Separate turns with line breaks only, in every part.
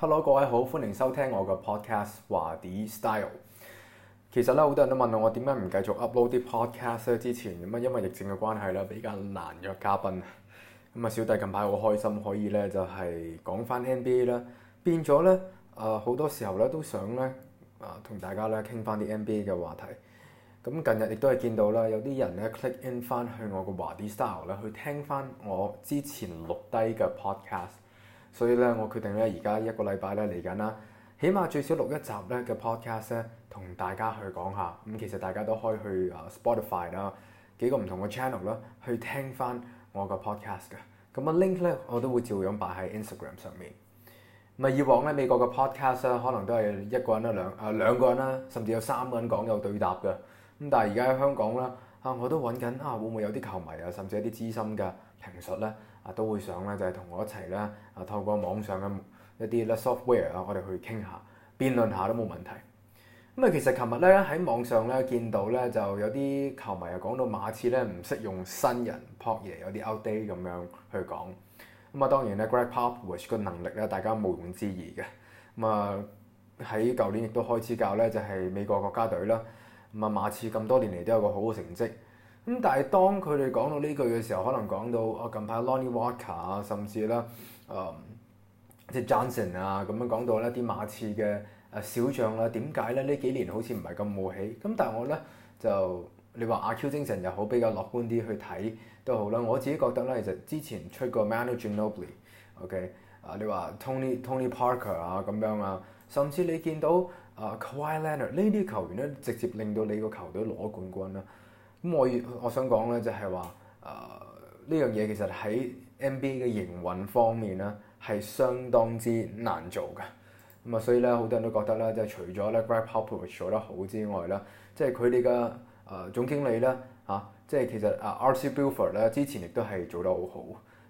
Hello，各位好，歡迎收聽我嘅 podcast 華弟 style。其實咧好多人都問我點解唔繼續 upload 啲 podcast 咧？之前咁啊，因為疫情嘅關係咧，比較難約嘉賓。咁啊，小弟近排好開心，可以咧就係講翻 NBA 啦，變咗咧啊好多時候咧都想咧啊同大家咧傾翻啲 NBA 嘅話題。咁近日亦都係見到啦，有啲人咧 click in 翻去我嘅華弟 style 咧，去聽翻我之前錄低嘅 podcast。所以咧，我決定咧，而家一個禮拜咧嚟緊啦，起碼最少錄一集咧嘅 podcast 咧，同大家去講下。咁其實大家都可以去啊 Spotify 啦，幾個唔同嘅 channel 啦，去聽翻我個 podcast 嘅。咁啊 link 咧，我都會照樣擺喺 Instagram 上面。咪以往咧，美國嘅 podcast 咧，可能都係一個人啦，兩啊兩個人啦，甚至有三個人講有對答嘅。咁但係而家喺香港啦，啊我都揾緊啊，會唔會有啲球迷啊，甚至一啲資深嘅評述咧？啊都會想咧，就係同我一齊咧，啊透過網上嘅一啲咧 software 啊，我哋去傾下辯論下都冇問題。咁啊，其實琴日咧喺網上咧見到咧就有啲球迷啊講到馬刺咧唔識用新人 Pogey 有啲 outdate 咁樣去講。咁啊當然咧 Greg Popovich 個能力咧大家毋庸置疑嘅。咁啊喺舊年亦都開始教咧就係、是、美國國家隊啦。咁啊馬刺咁多年嚟都有一個好好成績。咁但係當佢哋講到呢句嘅時候，可能講到啊近排 Lonnie Walker 啊，甚至咧誒即係 Johnson 啊咁樣講到呢啲馬刺嘅誒小將啦，點解咧呢幾年好似唔係咁冒起？咁但係我咧就你話阿 Q 精神又好，比較樂觀啲去睇都好啦。我自己覺得咧，其實之前出過 Manu Ginobili、okay? OK 啊，你話 Tony Tony Parker 啊咁樣啊，甚至你見到啊 Kawhi Leonard 呢啲球員咧，直接令到你個球隊攞冠軍啦。咁我我想講咧就係話，誒呢樣嘢其實喺 NBA 嘅營運方面咧係相當之難做嘅。咁啊，所以咧好多人都覺得咧，即係除咗咧 Greg Popovich 做得好之外啦，即係佢哋嘅誒總經理咧嚇，即、啊、係其實啊 R.C. Buford 咧之前亦都係做得好好，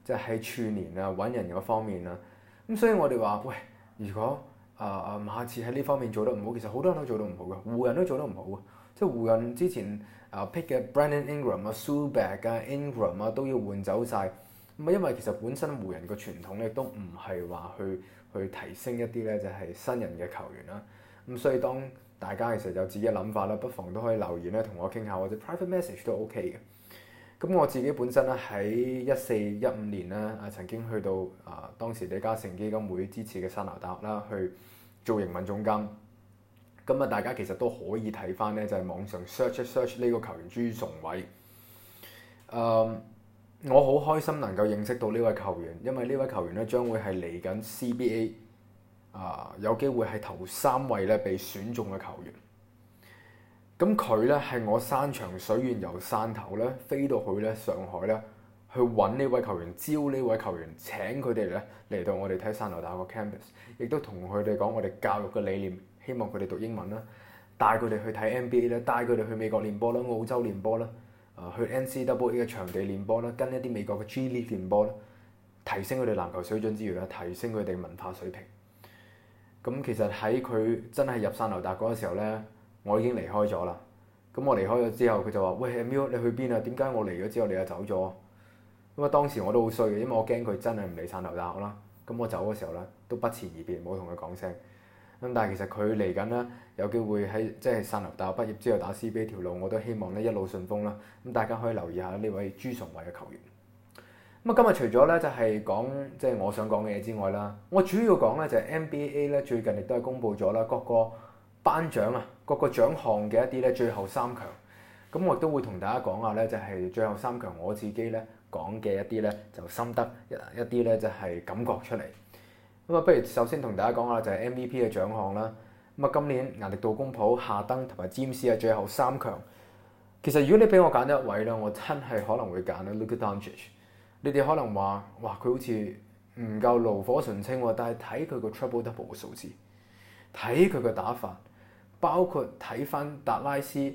即係喺綫年啊揾人嗰方面啊。咁所以我哋話喂，如果啊啊馬刺喺呢方面做得唔好，其實好多人都做得唔好嘅，湖人都做得唔好嘅。即係湖人之前啊 pick 嘅 Brandon Ingram 啊 Zubac 啊，Ingram 啊都要換走晒，咁啊因為其實本身湖人嘅傳統咧，都唔係話去去提升一啲咧，就係新人嘅球員啦。咁所以當大家其實有自己嘅諗法啦，不妨都可以留言咧同我傾下，或者 private message 都 OK 嘅。咁我自己本身咧喺一四一五年咧啊曾經去到啊當時李嘉誠基金會支持嘅汕頭大學啦去做營運總監。咁啊，大家其實都可以睇翻呢就係網上 search search 呢個球員朱崇偉。誒，我好開心能夠認識到呢位球員，因為呢位球員咧將會係嚟緊 CBA 啊，有機會係頭三位咧被選中嘅球員。咁佢呢係我山長水遠由汕頭呢飛到去咧上海呢，去揾呢位球員，招呢位球員，請佢哋咧嚟到我哋睇汕頭大學 campus，亦都同佢哋講我哋教育嘅理念。希望佢哋讀英文啦，帶佢哋去睇 NBA 啦，帶佢哋去美國練波啦，澳洲練波啦，去 NCAA 嘅場地練波啦，跟一啲美國嘅 G League 練波啦，提升佢哋籃球水準之餘咧，提升佢哋文化水平。咁其實喺佢真係入山留達嗰個時候呢，我已經離開咗啦。咁我離開咗之後，佢就話：喂，阿 Miu，你去邊啊？點解我嚟咗之後你又走咗？咁啊，當時我都好衰嘅，因為我驚佢真係唔嚟山留達啦。咁我走嗰時候呢，都不辭而別，冇同佢講聲。咁但係其實佢嚟緊咧有機會喺，即係汕頭大學畢業之後打 CBA 條路，我都希望咧一路順風啦。咁大家可以留意下呢位朱崇偉嘅球員。咁啊，今日除咗咧就係講即係我想講嘅嘢之外啦，我主要講咧就係 NBA 咧最近亦都係公布咗啦，各個頒獎啊，各個獎項嘅一啲咧最後三強。咁我都會同大家講下咧就係最後三強我自己咧講嘅一啲咧就心得一一啲咧就係感覺出嚟。咁啊，不如首先同大家講下就係 MVP 嘅獎項啦。咁啊，今年亞力道公普、夏登同埋詹士啊，最後三強。其實如果你俾我揀一位咧，我真係可能會揀 Luka Doncic。你哋可能話，哇，佢好似唔夠爐火純青喎。但係睇佢個 triple double 嘅數字，睇佢嘅打法，包括睇翻達拉斯，誒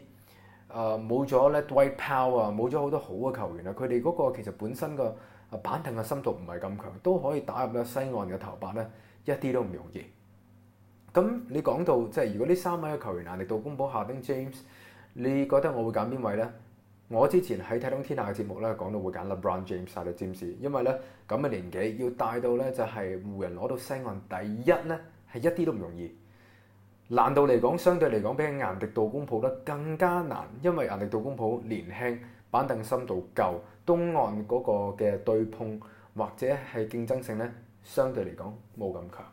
冇咗 Dwight Powell 啊，冇咗好多好嘅球員啊，佢哋嗰個其實本身嘅板凳嘅深度唔係咁強，都可以打入咗西岸嘅頭八呢，一啲都唔容易。咁你講到即係如果呢三位嘅球員，阿力道公堡、夏丁 James，你覺得我會揀邊位呢？我之前喺睇通天下嘅節目呢，講到會揀 LeBron James 夏力詹姆斯，因為呢咁嘅年紀要帶到呢就係湖人攞到西岸第一呢，係一啲都唔容易。難度嚟講，相對嚟講比起阿力道公、公堡呢更加難，因為阿力道公、公堡年輕。板凳深度夠，東岸嗰個嘅對碰或者係競爭性咧，相對嚟講冇咁強。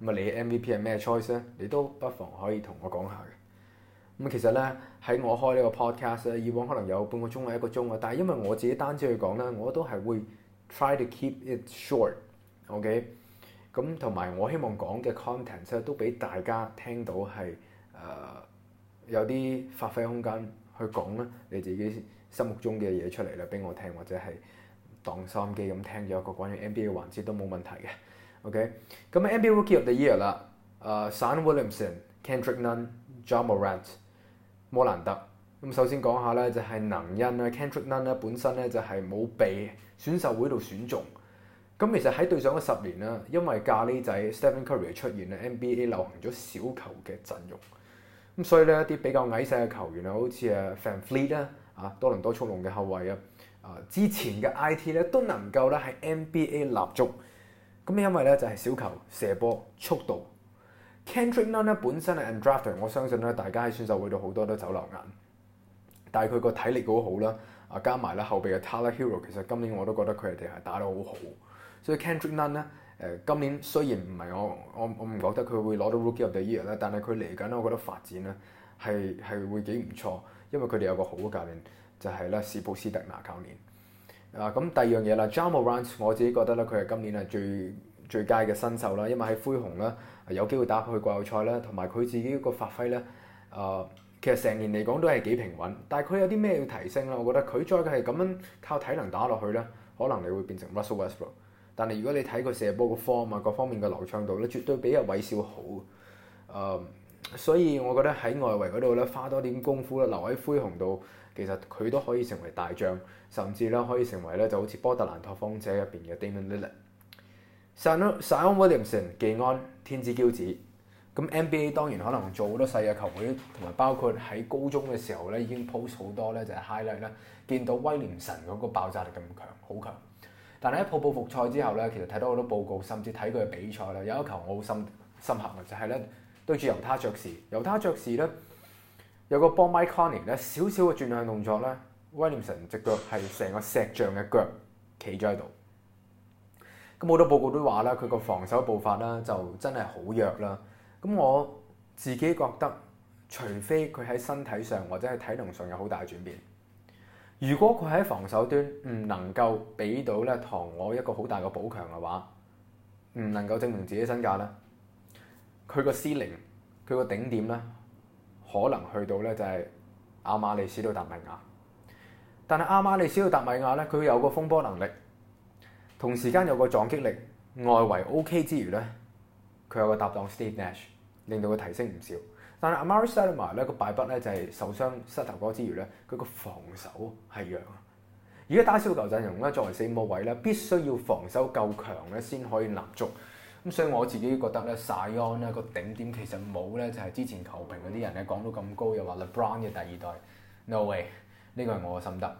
咁啊，你 MVP 係咩 choice 咧？你都不妨可以同我講下嘅。咁其實咧喺我開呢個 podcast 咧，以往可能有半個鐘啊一個鐘啊，但係因為我自己單車去講咧，我都係會 try to keep it short，OK？Okay？咁同埋我希望講嘅 content 都俾大家聽到係誒、呃、有啲發揮空間。佢講咧你自己心目中嘅嘢出嚟啦，俾我聽或者係當收音機咁聽，咗一個關於 NBA 嘅環節都冇問題嘅。OK，咁喺 NBA Rookie of the Year 啦，誒，San Williamson、Kendrick Nunn、Ja Morant、摩蘭特。咁首先講下咧，就係能因啦，Kendrick Nunn 咧本身咧就係冇被選秀會度選中。咁其實喺對上嗰十年啦，因為咖喱仔 Stephen Curry 出現啦，NBA 流行咗小球嘅陣容。咁所以咧一啲比較矮細嘅球員啊，好似啊 Fan Fleet 啦，啊多倫多速龍嘅後衞啊，啊之前嘅 IT 咧都能夠咧喺 NBA 立足。咁因為咧就係小球射波速度。Kendrick Nunn 咧本身係 undrafted，我相信咧大家喺選秀會度好多都走漏眼。但係佢個體力好好啦，啊加埋啦後備嘅 Tyler Hero 其實今年我都覺得佢哋係打得好好，所以 Kendrick Nunn 咧。誒，今年雖然唔係我我我唔覺得佢會攞到 Rookie of the Year 啦，但係佢嚟緊我覺得發展咧係係會幾唔錯，因為佢哋有個好嘅教練就係咧史布斯迪拿教練啊。咁第二樣嘢啦，Ja Morant，我自己覺得咧，佢係今年係最最佳嘅新秀啦，因為喺灰熊咧有機會打過去季後賽咧，同埋佢自己個發揮咧啊、呃，其實成年嚟講都係幾平穩，但係佢有啲咩要提升咧？我覺得佢再嘅係咁樣靠體能打落去咧，可能你會變成 Russell Westbrook，ok。但係如果你睇佢射波個 form 啊，各方面嘅流暢度咧，絕對比阿韋少好。誒、um，所以我覺得喺外圍嗰度咧，花多點功夫咧，留喺灰熊度，其實佢都可以成為大將，甚至咧可以成為咧就好似波特蘭拓荒者入邊嘅 Damian Lillard。Zion Williamson，技安天之驕子。咁 NBA 當然可能做好多細嘅球員，同埋包括喺高中嘅時候咧，已經 post 好多咧就 highlight 啦，見到威廉神嗰個爆炸力咁強，好強。但係喺瀑布復賽之後咧，其實睇到好多報告，甚至睇佢嘅比賽咧，有一球我好深深刻嘅就係咧對住尤他爵士，尤他爵士咧有個幫 Mike Conley 咧少少嘅轉向動作咧，Williamson 隻腳係成個石像嘅腳企咗喺度。咁好多報告都話啦，佢個防守步伐啦就真係好弱啦。咁我自己覺得，除非佢喺身體上或者喺體能上有好大嘅轉變。如果佢喺防守端唔能夠俾到咧唐凱一個好大嘅補強嘅話，唔能夠證明自己的身價咧，佢個巔峯、佢個頂點咧，可能去到咧就係阿馬利斯到達米亞。但係阿馬利斯到達米亞咧，佢有個風波能力，同時間有個撞擊力，外圍 OK 之餘咧，佢有個搭檔 Steve Nash 令到佢提升唔少。但係 a 係阿馬里塞爾 a 咧個敗筆咧就係受傷膝頭哥之餘咧，佢個防守係弱。而家打小球陣容咧，作為四號位咧，必須要防守夠強咧，先可以立足。咁所以我自己覺得咧，Zion 咧個頂點其實冇咧，就係之前球評嗰啲人咧講到咁高，又話 LeBron 嘅第二代，No way，呢個係我嘅心得。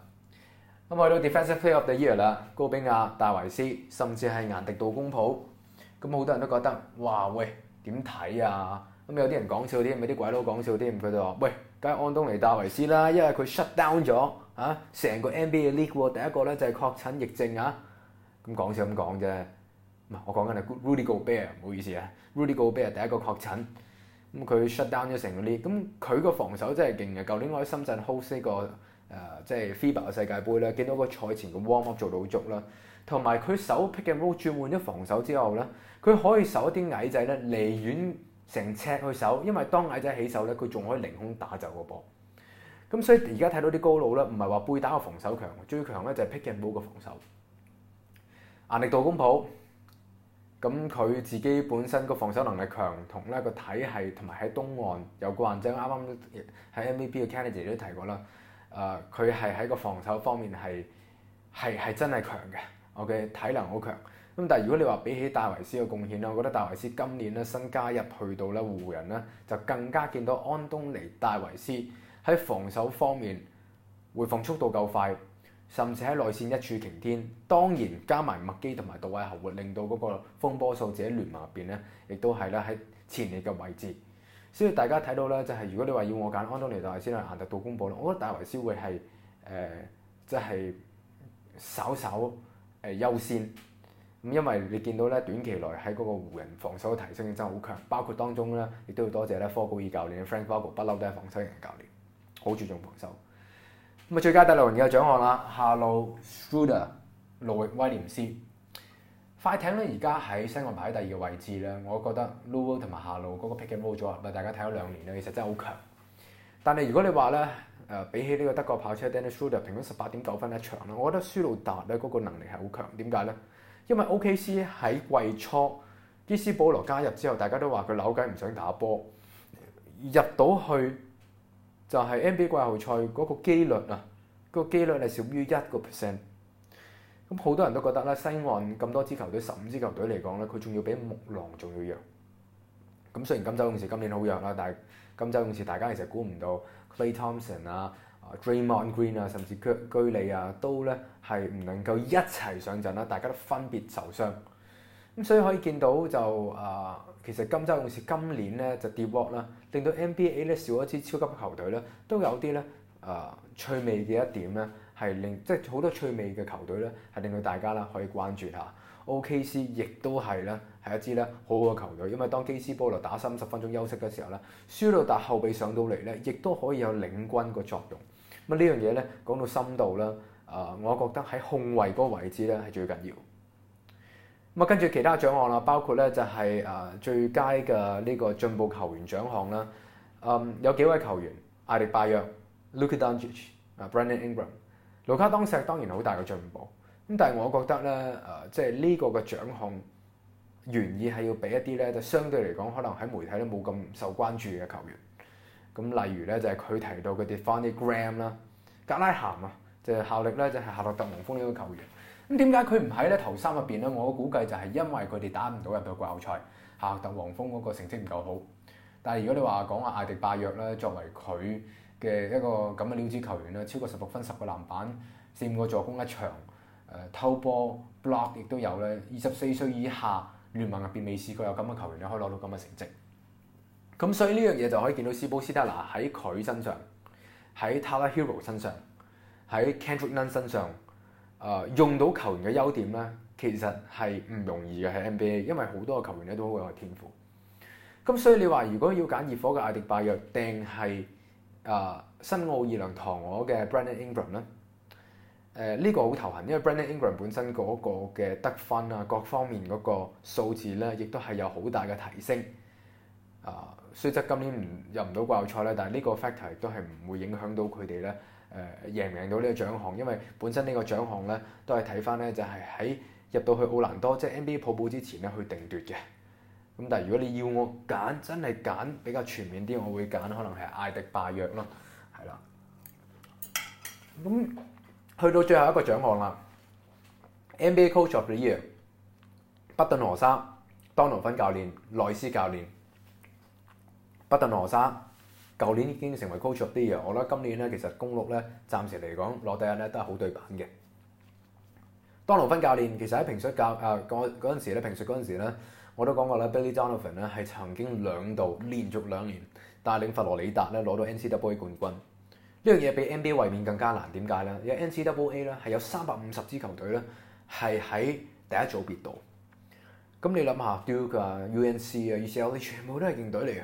咁去到 Defensive Player of the Year 啦，高比亞、戴維斯，甚至係顏迪杜公普，咁好多人都覺得，哇喂，點睇啊？咁有啲人講笑添，有啲鬼佬講笑添，佢就話：喂，梗係安東尼戴維斯啦，因為佢 shut down 咗嚇，成個 NBA 裂喎。第一個咧就係確診疫症啊，咁講笑咁講啫。唔係，我講緊係 Rudy Gobert，唔好意思啊，Rudy Gobert 第一個確診，咁佢 shut down 咗成個裂。咁佢個防守真係勁嘅，舊年我喺深圳 host 呢個即係 FIBA 嘅世界杯啦，見到個賽前個 warm up 做到足啦，同埋佢守劈嘅 r o v e 轉換咗防守之後咧，佢可以守一啲矮仔咧，離遠。成尺去守，因為當矮仔起手咧，佢仲可以凌空打走個波。咁所以而家睇到啲高佬咧，唔係話背打個防守強，最強咧就係 pick and roll 個防守。阿力道公普，咁佢自己本身個防守能力強，同咧個體系同埋喺東岸有個顏值。啱啱喺 MVP 嘅 candidate 都提過啦。誒，佢係喺個防守方面係係係真係強嘅。我、OK? 嘅體能好強。咁但係如果你話比起戴維斯嘅貢獻咧，我覺得戴維斯今年咧新加入去到咧湖人咧，就更加見到安東尼戴維斯喺防守方面回防速度夠快，甚至喺內線一柱擎天。當然加埋麥基同埋杜偉侯活，令到嗰個風波數字喺聯盟入邊咧，亦都係咧喺前列嘅位置。所以大家睇到咧，就係如果你話要我揀安東尼戴維斯去行得到杜公佈咧，我覺得戴維斯會係誒即係稍稍誒優先。咁因為你見到咧，短期內喺嗰個湖人防守嘅提升真係好強，包括當中咧，亦都要多謝咧科高爾教練 Frank Vogel，不嬲都係防守型教練，好注重防守。咁啊，最佳第六人嘅獎項啦，夏路 Schroeder 路易威廉斯。C、快艇咧而家喺西岸排喺第二個位置咧，我覺得 Luo 同埋夏路嗰個 Picking Mode，唔大家睇咗兩年啦，其實真係好強。但係如果你話咧，誒比起呢個德國跑車 Dennis Schroeder 平均十八點九分一場啦，我覺得 Schroeder 咧嗰個能力係好強，點解咧？因為 OKC、OK、喺季初，基斯保羅加入之後，大家都話佢扭計唔想打波，入到去就係 NBA 季後賽嗰、那個機率啊，個機率係少於一個 percent。咁好多人都覺得咧，西岸咁多支球隊，十五支球隊嚟講咧，佢仲要比木狼仲要弱。咁雖然金州勇士今年好弱啦，但係金州勇士大家其實估唔到 Klay Thompson 啊。啊 Draymond Green 啊，甚至居居里啊，都咧係唔能夠一齊上陣啦，大家都分別受傷。咁所以可以見到就啊，其實金州勇士今年咧就跌落啦，令到 NBA 咧少一支超級球隊咧，都有啲咧啊趣味嘅一點咧係令即係好多趣味嘅球隊咧係令到大家啦可以關注下。OKC、OK、亦都係咧係一支咧好好嘅球隊，因為當基斯波羅打三十分鐘休息嘅時候咧，舒諾達後備上到嚟咧，亦都可以有領軍個作用。咁呢樣嘢咧講到深度啦，啊，我覺得喺控衛嗰個位置咧係最緊要。咁啊，跟住其他獎項啦，包括咧就係啊最佳嘅呢個進步球員獎項啦。嗯，有幾位球員，阿迪拜約、Luka Doncic 啊 Brandon Ingram、盧卡當石，當然好大嘅進步。咁但係我覺得咧，啊，即係呢個嘅獎項原意係要俾一啲咧，就相對嚟講可能喺媒體都冇咁受關注嘅球員。咁例如咧就係佢提到嘅 Devonte Graham 啦，格拉咸啊，就係效力咧就係夏洛特黃蜂呢個球員。咁點解佢唔喺咧頭三入面咧？我估計就係因為佢哋打唔到入到季後賽，夏洛特黃蜂嗰個成績唔夠好。但係如果你話講阿艾迪拜約咧，作為佢嘅一個咁嘅料子球員咧，超過十六分、十個籃板、四五個助攻一場，誒偷波 block 亦都有咧。二十四歲以下聯盟入邊未試過有咁嘅球員，你可以攞到咁嘅成績。咁所以呢樣嘢就可以見到斯波斯特拉喺佢身上，喺 Tyler Herro 身上，喺 Kendrick Nunn 身上，誒用到球員嘅優點咧，其實係唔容易嘅喺 NBA，因為好多個球員咧都好有天賦。咁所以你話如果要揀熱火嘅艾迪拜約定係啊新奧爾良鵜鶘嘅 Brandon Ingram 咧，誒、這、呢個好頭痕，因為 Brandon Ingram 本身嗰個嘅得分啊各方面嗰個數字咧，亦都係有好大嘅提升，啊！雖則今年唔入唔到季後賽咧，但係呢個 factor 亦都係唔會影響到佢哋咧。誒贏唔贏到呢個獎項，因為本身呢個獎項咧都係睇翻咧就係喺入到去奧蘭多即係、就是、NBA 泡泡之前咧去定奪嘅。咁但係如果你要我揀，真係揀比較全面啲，我會揀可能係艾迪拜約咯，係啦。咁去到最後一個獎項啦，NBA coach of the year，不頓何沙，當奴芬教練，內斯教練。布頓荷沙舊年已經成為 Coach of the Year，我覺得今年咧，其實公鹿咧暫時嚟講攞第一咧都係好對版嘅。當勞芬教練其實喺評述教啊嗰嗰陣時咧，評述嗰陣時咧我都講過啦，Billy Donovan 咧係曾經兩度連續兩年帶領佛羅里達咧攞到 NCAA 冠軍呢樣嘢，這個、比 NBA 衛冕更加難。點解咧？因為 NCAA 咧係有三百五十支球隊咧係喺第一組別度。咁你諗下，Duke 啊、UNC 啊、UCLA，全部都係勁隊嚟嘅。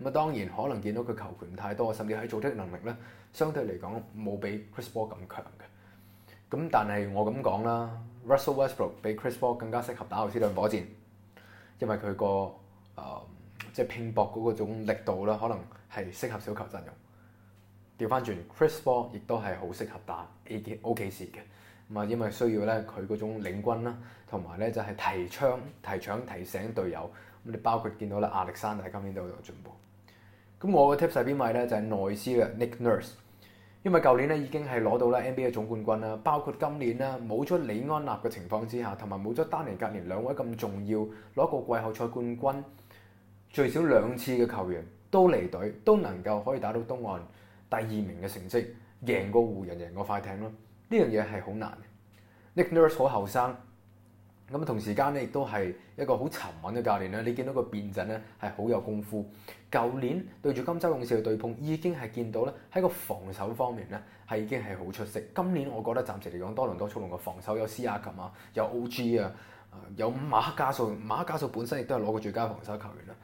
咁啊，當然可能見到佢球權太多，甚至喺組織能力咧，相對嚟講冇比 Chris Paul 咁強嘅。咁但係我咁講啦，Russell Westbrook、ok、比 Chris Paul 更加適合打侯斯頓火箭，因為佢個誒即係拼搏嗰種力度啦，可能係適合小球陣容。調翻轉，Chris Paul 亦都係好適合打 a OKC 嘅。咁啊，因為需要咧佢嗰種領軍啦，同埋咧就係提倡提搶、提醒隊友。咁你包括見到咧亞歷山大今年都有進步。咁我個 tip 係邊位咧？就係內斯嘅 Nick Nurse，因為舊年咧已經係攞到咧 NBA 總冠軍啦，包括今年咧冇咗李安納嘅情況之下，同埋冇咗丹尼格連兩位咁重要攞過季後賽冠軍，最少兩次嘅球員都離隊，都能夠可以打到東岸第二名嘅成績，贏過湖人贏過快艇咯。呢樣嘢係好難。Nick Nurse 好後生，咁同時間咧亦都係一個好沉穩嘅教練啦。你見到個變陣咧係好有功夫。舊年對住金州勇士嘅對碰，已經係見到咧喺個防守方面咧係已經係好出色。今年我覺得暫時嚟講，多倫多速龍嘅防守有 c 琴啊，有 O.G. 啊，有馬克加索，馬克加索本身亦都係攞過最佳防守球員啦。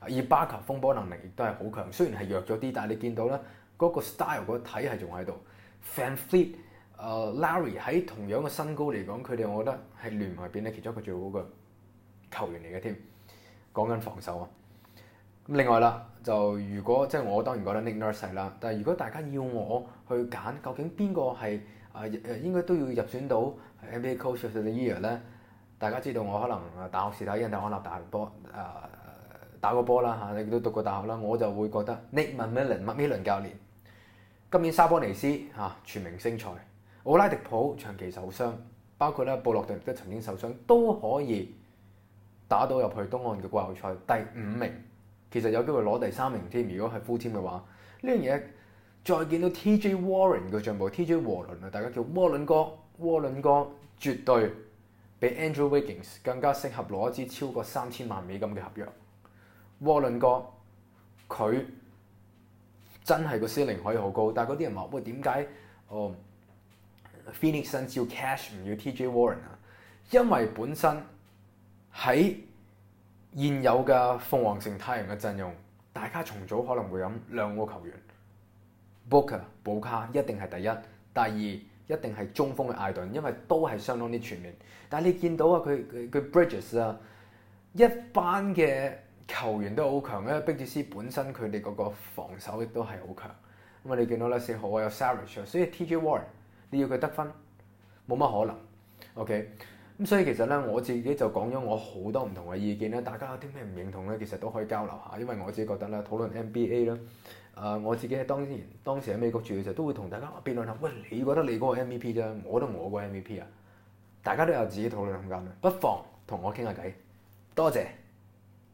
而巴卡風波能力亦都係好強，雖然係弱咗啲，但係你見到咧嗰個 style 嗰個體系仲喺度。Fan Fleet，誒、uh, Larry 喺同樣嘅身高嚟講，佢哋我覺得喺聯盟入面咧其中一個最好嘅球員嚟嘅添。講緊防守啊！另外啦，就如果即係我當然覺得 Nick Nurse 係啦，但係如果大家要我去揀，究竟邊個係誒誒應該都要入選到 NBA Coach of the Year 呢？大家知道我可能大學時代印第安納打波誒、呃、打過波啦嚇，你、啊、都讀過大學啦，我就會覺得 Nate McMillan 麥米倫教練今年沙波尼斯嚇、啊、全明星賽，奧拉迪普長期受傷，包括咧布洛頓都曾經受傷，都可以打到入去東岸嘅季後賽第五名。其實有機會攞第三名添，如果係 full team 嘅話，呢樣嘢再見到 TJ Warren 嘅進步，TJ Warren 啊，大家叫 Warren 哥，Warren 哥絕對比 Andrew Wiggins 更加適合攞一支超過三千萬美金嘅合約。沃倫哥佢真係個 ceiling 可以好高，但係嗰啲人話：喂，點、呃、解哦 Phoenix 唔要 cash 唔要 TJ Warren 啊？因為本身喺現有嘅鳳凰城太陽嘅陣容，大家重組可能會有兩個球員，布克、布卡一定係第一、第二，一定係中鋒嘅艾頓，因為都係相當之全面。但係你見到啊，佢佢佢布裡傑斯啊，一班嘅球員都好強嘅，布裡傑斯本身佢哋嗰個防守亦都係好強。咁啊，你見到啦，四號我有塞維斯，所以 TJ 沃恩你要佢得分冇乜可能，OK。咁所以其實咧，我自己就講咗我好多唔同嘅意見啦。大家有啲咩唔認同咧，其實都可以交流下。因為我自己覺得咧，討論 NBA 咧，誒我自己喺當年當時喺美國住嘅時候，都會同大家辯論下。喂，你覺得你嗰個 MVP 啫，我都我個 MVP 啊！大家都有自己討論空間嘅，不妨同我傾下偈。多謝。